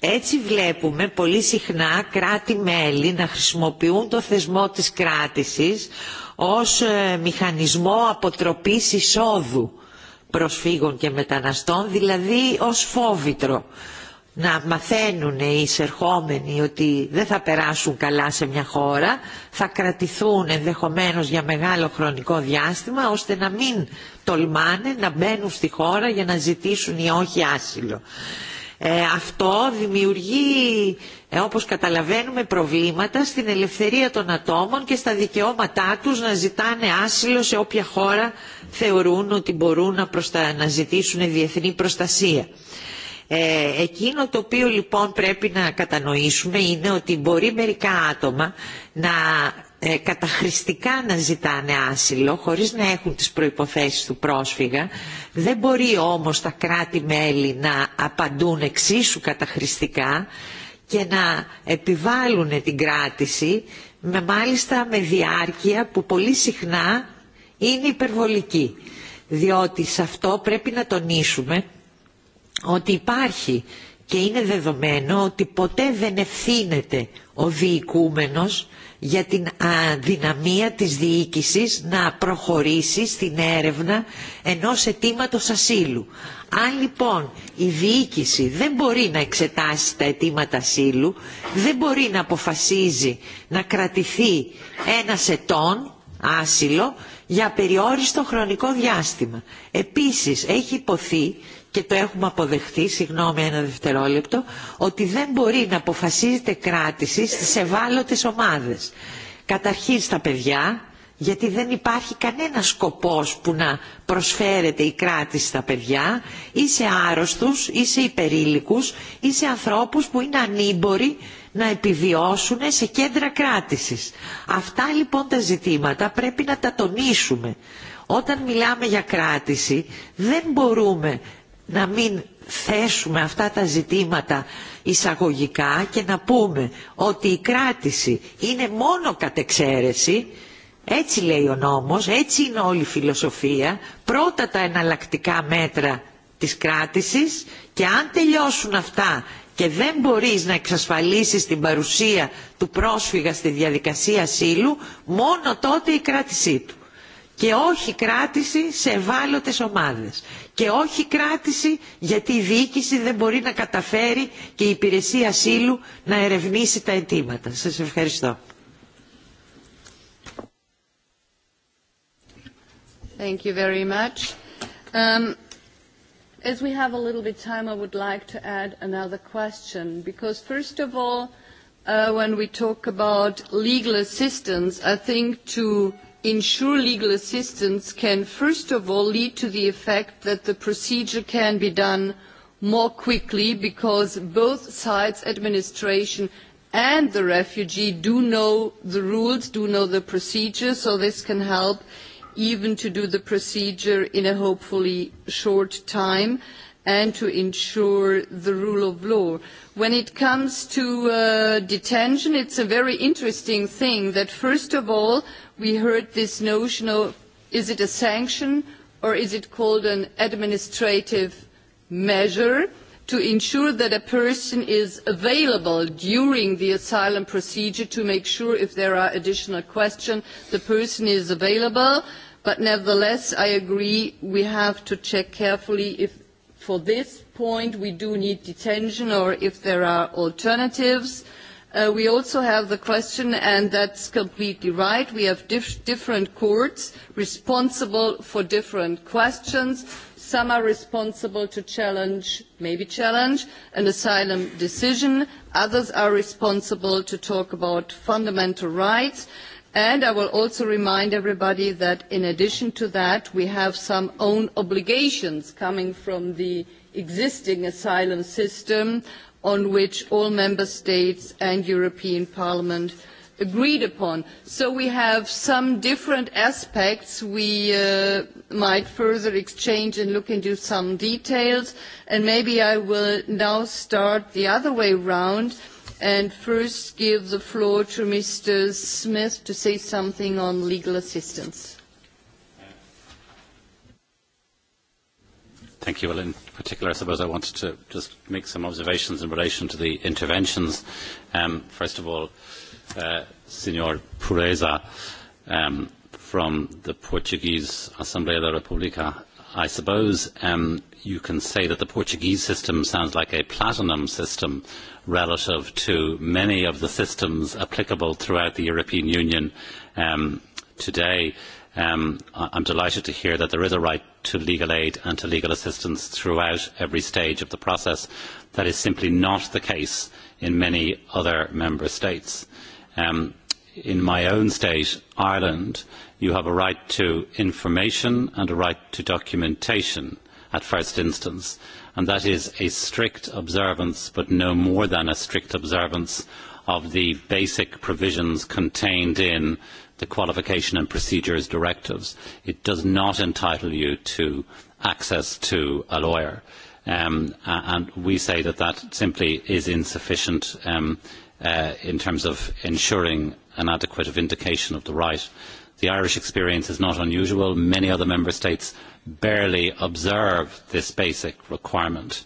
έτσι βλέπουμε πολύ συχνά κράτη-μέλη να χρησιμοποιούν το θεσμό της κράτησης ως ε, μηχανισμό αποτροπής εισόδου προσφύγων και μεταναστών, δηλαδή ως φόβητρο να μαθαίνουν οι εισερχόμενοι ότι δεν θα περάσουν καλά σε μια χώρα, θα κρατηθούν ενδεχομένως για μεγάλο χρονικό διάστημα, ώστε να μην τολμάνε να μπαίνουν στη χώρα για να ζητήσουν ή όχι άσυλο. Ε, αυτό δημιουργεί, ε, όπως καταλαβαίνουμε, προβλήματα στην ελευθερία των ατόμων και στα δικαιώματά τους να ζητάνε άσυλο σε όποια χώρα θεωρούν ότι μπορούν να, προστα... να ζητήσουν διεθνή προστασία. Ε, εκείνο το οποίο λοιπόν πρέπει να κατανοήσουμε είναι ότι μπορεί μερικά άτομα να ε, καταχρηστικά να ζητάνε άσυλο χωρίς να έχουν τις προϋποθέσεις του πρόσφυγα δεν μπορεί όμως τα κράτη-μέλη να απαντούν εξίσου καταχρηστικά και να επιβάλλουν την κράτηση με μάλιστα με διάρκεια που πολύ συχνά είναι υπερβολική διότι σε αυτό πρέπει να τονίσουμε ότι υπάρχει και είναι δεδομένο ότι ποτέ δεν ευθύνεται ο διοικούμενος για την αδυναμία της διοίκησης να προχωρήσει στην έρευνα ενός αιτήματο ασύλου. Αν λοιπόν η διοίκηση δεν μπορεί να εξετάσει τα αιτήματα ασύλου, δεν μπορεί να αποφασίζει να κρατηθεί ένα ετών άσυλο για περιόριστο χρονικό διάστημα. Επίσης έχει υποθεί και το έχουμε αποδεχτεί, συγγνώμη ένα δευτερόλεπτο, ότι δεν μπορεί να αποφασίζεται κράτηση στις ευάλωτες ομάδες. Καταρχήν στα παιδιά, γιατί δεν υπάρχει κανένα σκοπός που να προσφέρεται η κράτηση στα παιδιά ή σε άρρωστους ή σε υπερήλικους ή σε ανθρώπους που είναι ανήμποροι να επιβιώσουν σε κέντρα κράτησης. Αυτά λοιπόν τα ζητήματα πρέπει να τα τονίσουμε. Όταν μιλάμε για κράτηση δεν μπορούμε να μην θέσουμε αυτά τα ζητήματα εισαγωγικά και να πούμε ότι η κράτηση είναι μόνο κατεξαίρεση έτσι λέει ο νόμος, έτσι είναι όλη η φιλοσοφία, πρώτα τα εναλλακτικά μέτρα της κράτησης και αν τελειώσουν αυτά και δεν μπορείς να εξασφαλίσεις την παρουσία του πρόσφυγα στη διαδικασία ασύλου, μόνο τότε η κράτησή του και όχι κράτηση σε ευάλωτες ομάδες και όχι κράτηση γιατί η διοίκηση δεν μπορεί να καταφέρει και η υπηρεσία ασύλου να ερευνήσει τα αιτήματα. Σας ευχαριστώ. Thank you very much. Um, as we have a little bit time, I would like to add another question, because first of all, uh, when we talk about legal assistance, I think to ensure legal assistance can first of all lead to the effect that the procedure can be done more quickly because both sides administration and the refugee do know the rules do know the procedure so this can help even to do the procedure in a hopefully short time and to ensure the rule of law. When it comes to detention, it's a very interesting thing that first of all we heard this notion of is it a sanction or is it called an administrative measure to ensure that a person is available during the asylum procedure to make sure if there are additional questions the person is available. But nevertheless, I agree we have to check carefully if for this point we do need detention or if there are alternatives. We also have the question, and that's completely right, we have different courts responsible for different questions. Some are responsible to challenge, maybe challenge, an asylum decision. Others are responsible to talk about fundamental rights. And I will also remind everybody that in addition to that, we have some own obligations coming from the existing asylum system on which all member states and European Parliament agreed upon. So we have some different aspects. We might further exchange and look into some details. And maybe I will now start the other way round and first give the floor to Mr. Smith to say something on legal assistance. Thank you. Well, in particular, I suppose I wanted to just make some observations in relation to the interventions. First of all, Senor Pureza from the Portuguese Assembleia da República. I suppose you can say that the Portuguese system sounds like a platinum system relative to many of the systems applicable throughout the European Union today. I'm delighted to hear that there is a right to legal aid and to legal assistance throughout every stage of the process. That is simply not the case in many other member states. In my own state, Ireland, you have a right to information and a right to documentation at first instance and that is a strict observance, but no more than a strict observance, of the basic provisions contained in the Qualification and Procedures Directives. It does not entitle you to access to a lawyer, and we say that that simply is insufficient in terms of ensuring an adequate vindication of the right. The Irish experience is not unusual. Many other member states barely observe this basic requirement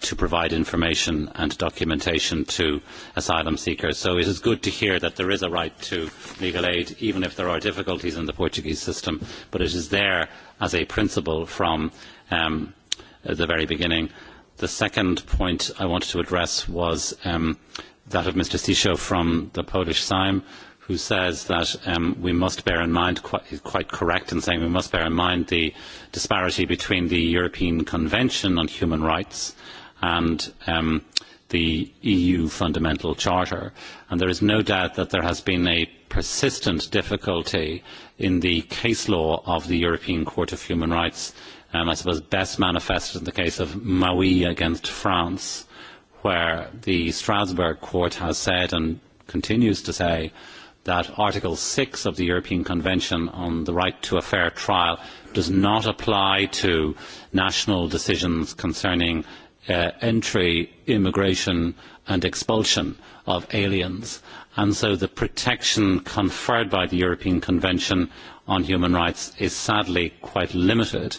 to provide information and documentation to asylum seekers. So it is good to hear that there is a right to legal aid, even if there are difficulties in the Portuguese system, but it is there as a principle from the very beginning. The second point I wanted to address was that of Mr. Sisho from the Polish Sime who says that we must bear in mind, quite correct in saying we must bear in mind the disparity between the European Convention on Human Rights and the EU Fundamental Charter. And there is no doubt that there has been a persistent difficulty in the case law of the European Court of Human Rights, I suppose best manifested in the case of Maui against France, where the Strasbourg Court has said and continues to say that Article 6 of the European Convention on the Right to a Fair Trial does not apply to national decisions concerning entry, immigration and expulsion of aliens. And so the protection conferred by the European Convention on Human Rights is sadly quite limited,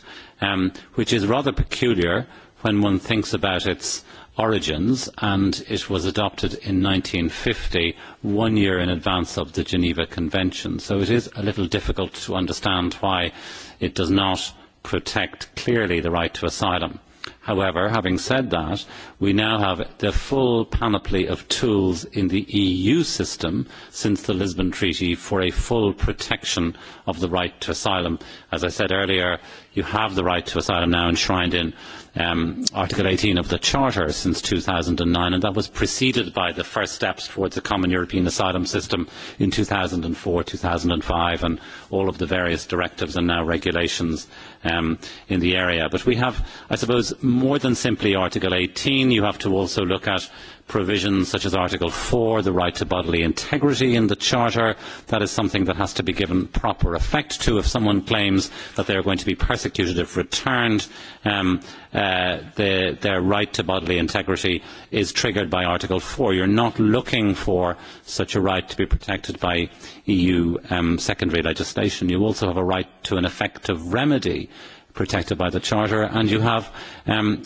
which is rather peculiar when one thinks about its origins and it was adopted in 1950, one year in advance of the Geneva Convention. So it is a little difficult to understand why it does not protect clearly the right to asylum. However, having said that, we now have the full panoply of tools in the EU system since the Lisbon Treaty for a full protection of the right to asylum. As I said earlier, you have the right to asylum now enshrined in Article 18 of the Charter since 2009, and that was preceded by the first steps towards a common European asylum system in 2004, 2005, and all of the various directives and now regulations in the area. But we have, I suppose, more than simply Article 18. You have to also look at provisions such as Article 4, the right to bodily integrity in the Charter. That is something that has to be given proper effect to. If someone claims that they are going to be persecuted if returned, their right to bodily integrity is triggered by Article 4. You're not looking for such a right to be protected by EU secondary legislation. You also have a right to an effective remedy protected by the Charter, and you have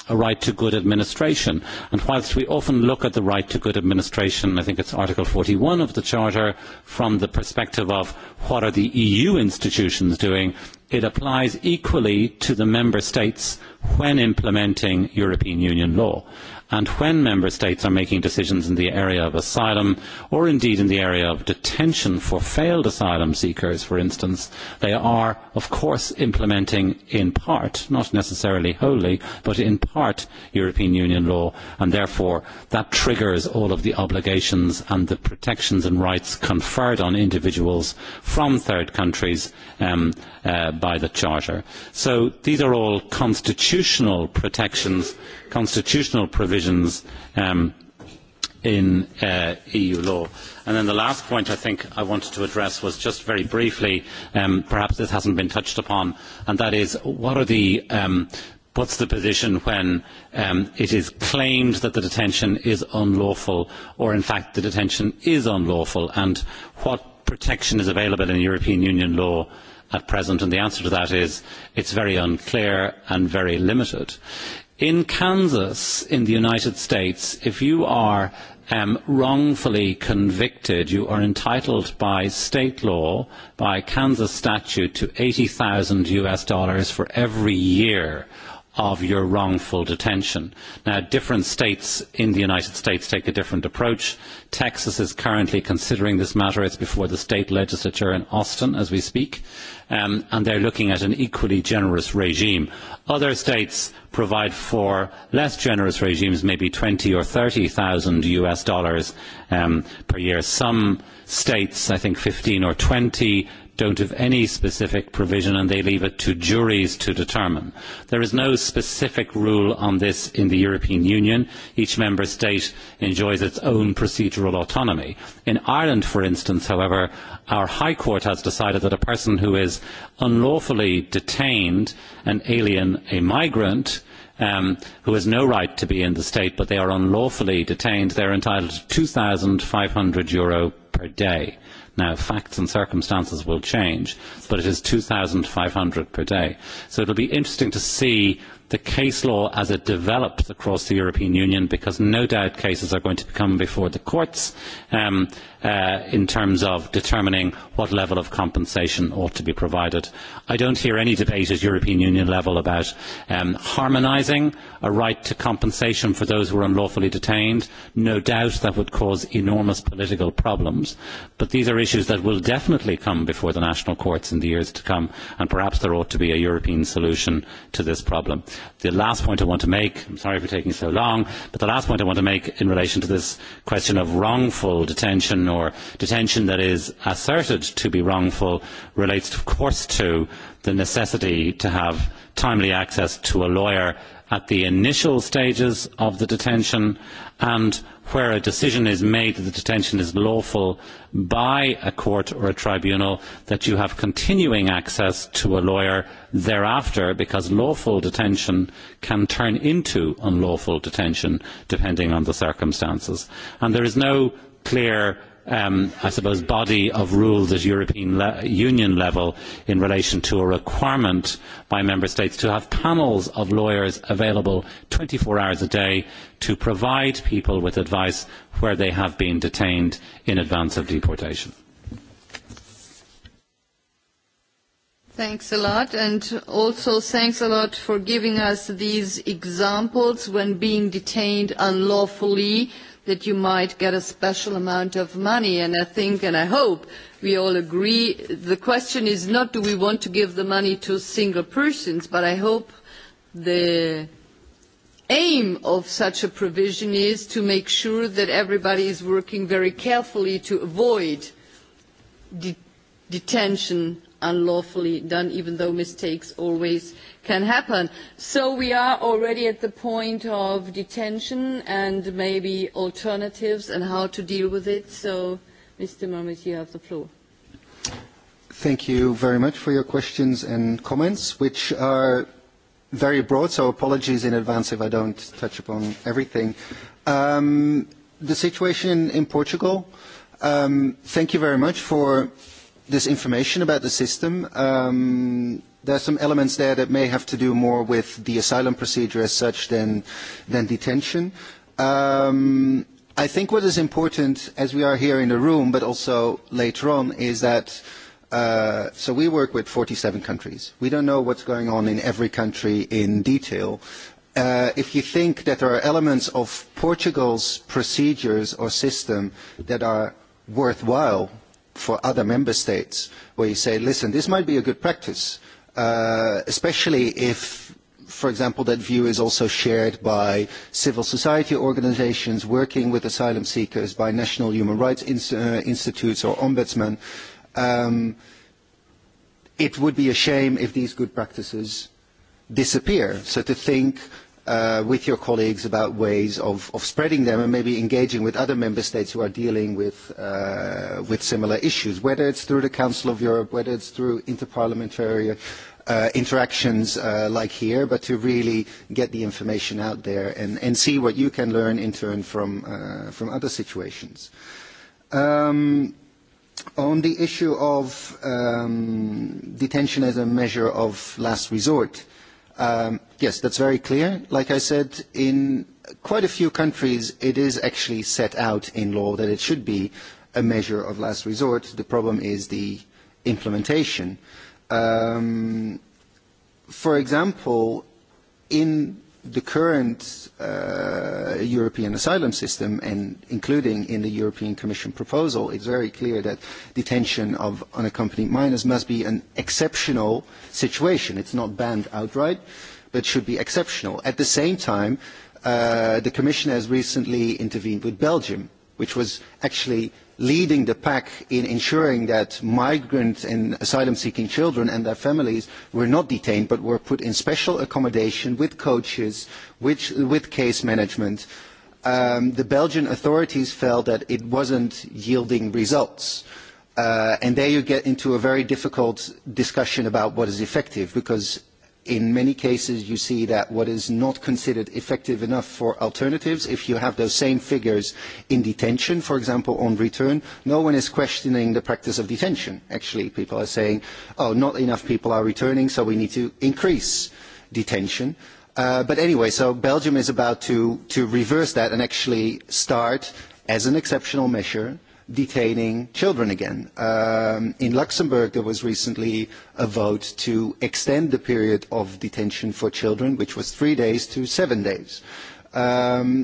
a right to good administration. And whilst we often look at the right to good administration, I think it's Article 41 of the Charter, from the perspective of what are the EU institutions doing, it applies equally to the Member States when implementing European Union law and when member states are making decisions in the area of asylum or indeed in the area of detention for failed asylum seekers for instance they are of course implementing in part not necessarily wholly but in part european union law and therefore that triggers all of the obligations and the protections and rights conferred on individuals from third countries by the Charter. So these are all constitutional protections, constitutional provisions in EU law. And then the last point I think I wanted to address was just very briefly, perhaps this hasn't been touched upon, and that is what are what's the position when it is claimed that the detention is unlawful or in fact the detention is unlawful and what protection is available in European Union law at present, and the answer to that is it's very unclear and very limited. In Kansas, in the United States, if you are wrongfully convicted, you are entitled by state law, by Kansas statute, to 80,000 US dollars for every year of your wrongful detention. Now, different states in the United States take a different approach. Texas is currently considering this matter. It's before the state legislature in Austin as we speak, and they're looking at an equally generous regime. Other states provide for less generous regimes, maybe 20 or 30,000 US dollars per year. Some states, I think 15 or 20 don't have any specific provision and they leave it to juries to determine. There is no specific rule on this in the European Union. Each member state enjoys its own procedural autonomy. In Ireland, for instance, however, our High Court has decided that a person who is unlawfully detained, an alien, a migrant, who has no right to be in the state but they are unlawfully detained, they are entitled to €2,500 per day Now, facts and circumstances will change, but it is 2,500 per day. So it will be interesting to see the case law as it develops across the European Union, because no doubt cases are going to come before the courts in terms of determining what level of compensation ought to be provided. I don't hear any debate at European Union level about harmonising a right to compensation for those who are unlawfully detained. No doubt that would cause enormous political problems, but these are issues that will definitely come before the national courts in the years to come, and perhaps there ought to be a European solution to this problem. The last point I want to make, I'm sorry for taking so long, but the last point I want to make in relation to this question of wrongful detention or detention that is asserted to be wrongful relates of course to the necessity to have timely access to a lawyer at the initial stages of the detention and where a decision is made that the detention is lawful by a court or a tribunal that you have continuing access to a lawyer thereafter because lawful detention can turn into unlawful detention depending on the circumstances and there is no clear I suppose, body of rules at European Union level in relation to a requirement by member states to have panels of lawyers available 24 hours a day to provide people with advice where they have been detained in advance of deportation. Thanks a lot, and also thanks a lot for giving us these examples when being detained unlawfully that you might get a special amount of money and I think and I hope we all agree the question is not do we want to give the money to single persons but I hope the aim of such a provision is to make sure that everybody is working very carefully to avoid detention unlawfully done even though mistakes always can happen. So we are already at the point of detention and maybe alternatives and how to deal with it. So, Mr. Marmot, you have the floor. Thank you very much for your questions and comments, which are very broad, so apologies in advance if I don't touch upon everything. The situation in Portugal, thank you very much for this information about the system There are some elements there that may have to do more with the asylum procedure as such than detention. I think what is important, as we are here in the room, but also later on, is that so we work with 47 countries. We don't know what's going on in every country in detail. If you think that there are elements of Portugal's procedures or system that are worthwhile for other member states, where you say, listen, this might be a good practice, especially if, for example, that view is also shared by civil society organizations working with asylum seekers, by national human rights institutes or ombudsmen. It would be a shame if these good practices disappear. So to think with your colleagues about ways of spreading them and maybe engaging with other member states who are dealing with similar issues, whether it's through the Council of Europe, whether it's through interparliamentary interactions like here, but to really get the information out there and see what you can learn in turn from other situations. On the issue of detention as a measure of last resort, Yes, that's very clear. Like I said, in quite a few countries it is actually set out in law that it should be a measure of last resort. The problem is the implementation. For example, in the current European asylum system, and including in the European Commission proposal, is very clear that detention of unaccompanied minors must be an exceptional situation. It is not banned outright, but should be exceptional. At the same time, the Commission has recently intervened with Belgium, which was actually leading the pack in ensuring that migrant and asylum seeking children and their families were not detained but were put in special accommodation with coaches with case management the belgian authorities felt that it wasn't yielding results and there you get into a very difficult discussion about what is effective because in many cases you see that what is not considered effective enough for alternatives if you have those same figures in detention for example on return no one is questioning the practice of detention actually people are saying oh not enough people are returning so we need to increase detention but anyway so belgium is about to to reverse that and actually start as an exceptional measure detaining children again. In Luxembourg, there was recently a vote to extend the period of detention for children, which was three days to seven days.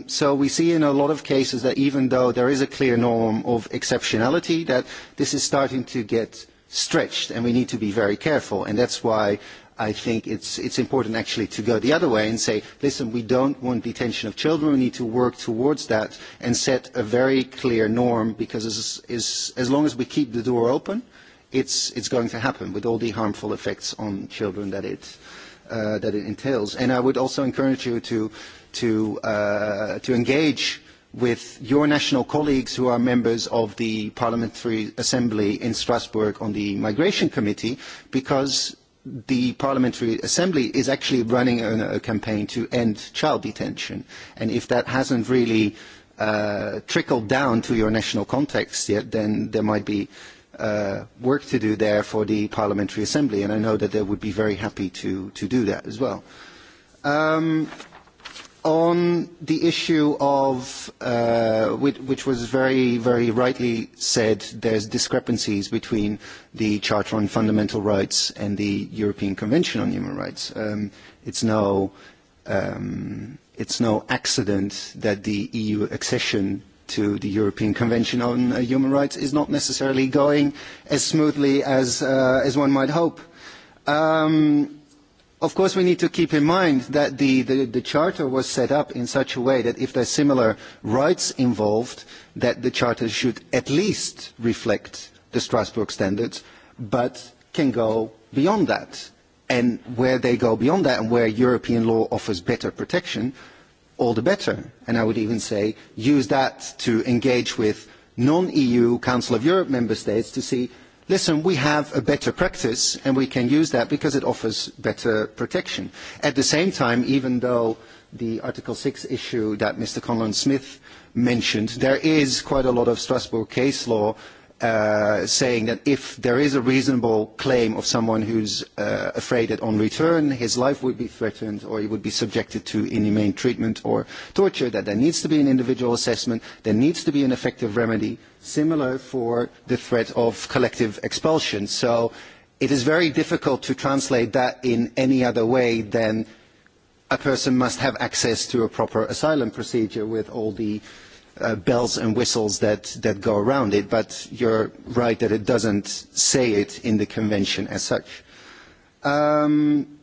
So we see in a lot of cases that even though there is a clear norm of exceptionality, that this is starting to get stretched, and we need to be very careful. And that's why I think it's it's important actually to go the other way and say, listen, we don't want detention of children. We need to work towards that and set a very clear norm because as long as we keep the door open, it's it's going to happen with all the harmful effects on children that it that it entails. And I would also encourage you to to to engage with your national colleagues who are members of the Parliamentary Assembly in Strasbourg on the Migration Committee, because the Parliamentary Assembly is actually running a campaign to end child detention. And if that hasn't really trickled down to your national context yet, then there might be work to do there for the Parliamentary Assembly. And I know that they would be very happy to do that as well. On the issue of, which was very, very rightly said, there's discrepancies between the Charter on Fundamental Rights and the European Convention on Human Rights. It's no accident that the EU accession to the European Convention on Human Rights is not necessarily going as smoothly as one might hope. Of course, we need to keep in mind that the Charter was set up in such a way that if there are similar rights involved, that the Charter should at least reflect the Strasbourg standards, but can go beyond that. And where they go beyond that and where European law offers better protection, all the better. And I would even say use that to engage with non-EU Council of Europe member states to see listen, we have a better practice and we can use that because it offers better protection. At the same time, even though the Article 6 issue that Mr. Conlon Smith mentioned, there is quite a lot of Strasbourg case law saying that if there is a reasonable claim of someone who's afraid that on return his life would be threatened or he would be subjected to inhumane treatment or torture, that there needs to be an individual assessment, there needs to be an effective remedy, similar for the threat of collective expulsion. So it is very difficult to translate that in any other way than a person must have access to a proper asylum procedure with all the bells and whistles that go around it, but you're right that it doesn't say it in the Convention as such. On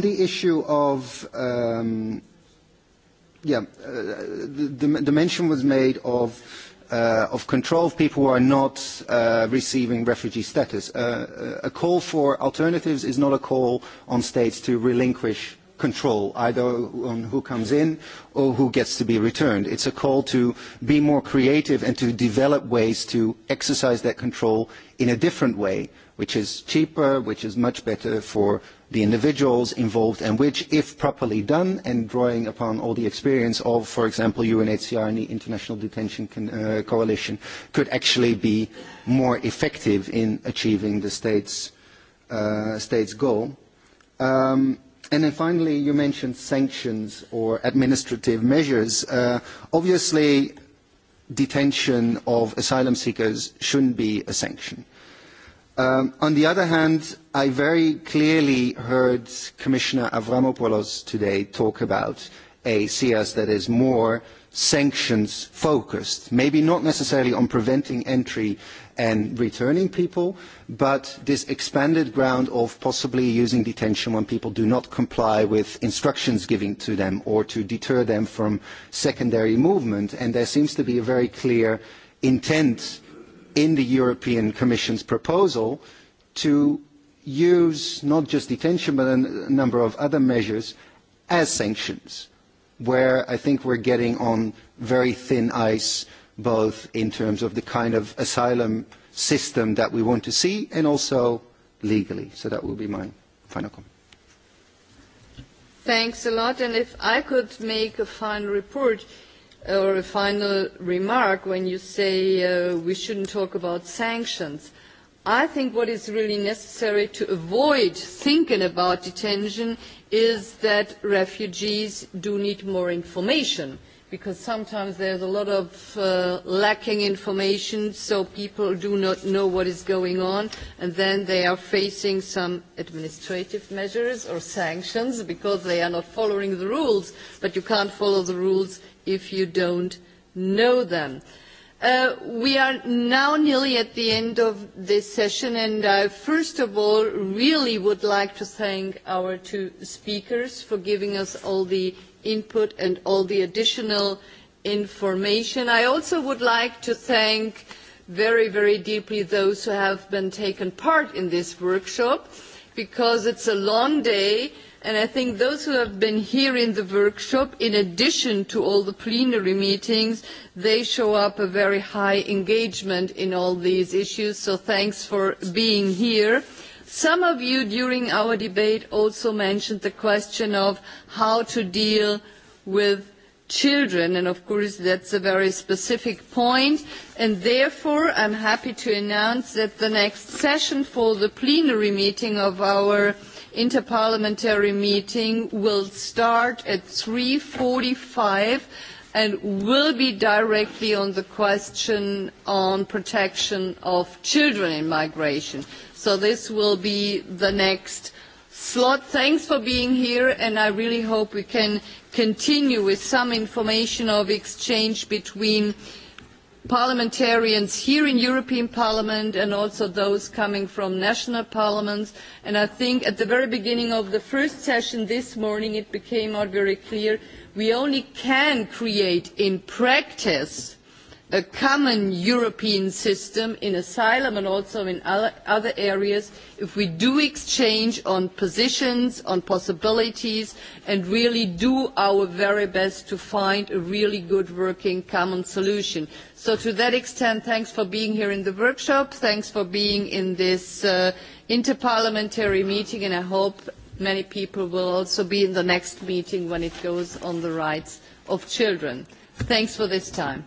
the issue of, yeah, the mention was made of control of people who are not receiving refugee status. A call for alternatives is not a call on states to relinquish control, either on who comes in or who gets to be returned. It's a call to be more creative and to develop ways to exercise that control in a different way, which is cheaper, which is much better for the individuals involved, and which, if properly done, and drawing upon all the experience of, for example, UNHCR and the International Detention Coalition, could actually be more effective in achieving the state's goal. Um And then finally, you mentioned sanctions or administrative measures. Obviously, detention of asylum seekers shouldn't be a sanction. On the other hand, I very clearly heard Commissioner Avramopoulos today talk about a CS that is more sanctions focused, maybe not necessarily on preventing entry and returning people, but this expanded ground of possibly using detention when people do not comply with instructions given to them or to deter them from secondary movement. And there seems to be a very clear intent in the European Commission's proposal to use not just detention but a number of other measures as sanctions where I think we're getting on very thin ice, both in terms of the kind of asylum system that we want to see and also legally. So that will be my final comment. Thanks a lot. And if I could make a final report or a final remark when you say we shouldn't talk about sanctions. I think what is really necessary to avoid thinking about detention is that refugees do need more information because sometimes there is a lot of lacking information so people do not know what is going on and then they are facing some administrative measures or sanctions because they are not following the rules but you can't follow the rules if you don't know them. We are now nearly at the end of this session, and I first of all really would like to thank our two speakers for giving us all the input and all the additional information. I also would like to thank very, very deeply those who have been taken part in this workshop, because it's a long day and I think those who have been here in the workshop, in addition to all the plenary meetings, they show up a very high engagement in all these issues, so thanks for being here. Some of you during our debate also mentioned the question of how to deal with children, and of course that's a very specific point, and therefore I'm happy to announce that the next session for the plenary meeting of our interparliamentary meeting will start at 3.45 and will be directly on the question on protection of children in migration. So this will be the next slot. Thanks for being here and I really hope we can continue with some information of exchange between parliamentarians here in European Parliament and also those coming from national parliaments. And I think at the very beginning of the first session this morning it became very clear we only can create in practice a common European system in asylum and also in other areas if we do exchange on positions, on possibilities and really do our very best to find a really good working common solution. So to that extent, thanks for being here in the workshop, thanks for being in this interparliamentary meeting, and I hope many people will also be in the next meeting when it goes on the rights of children. Thanks for this time.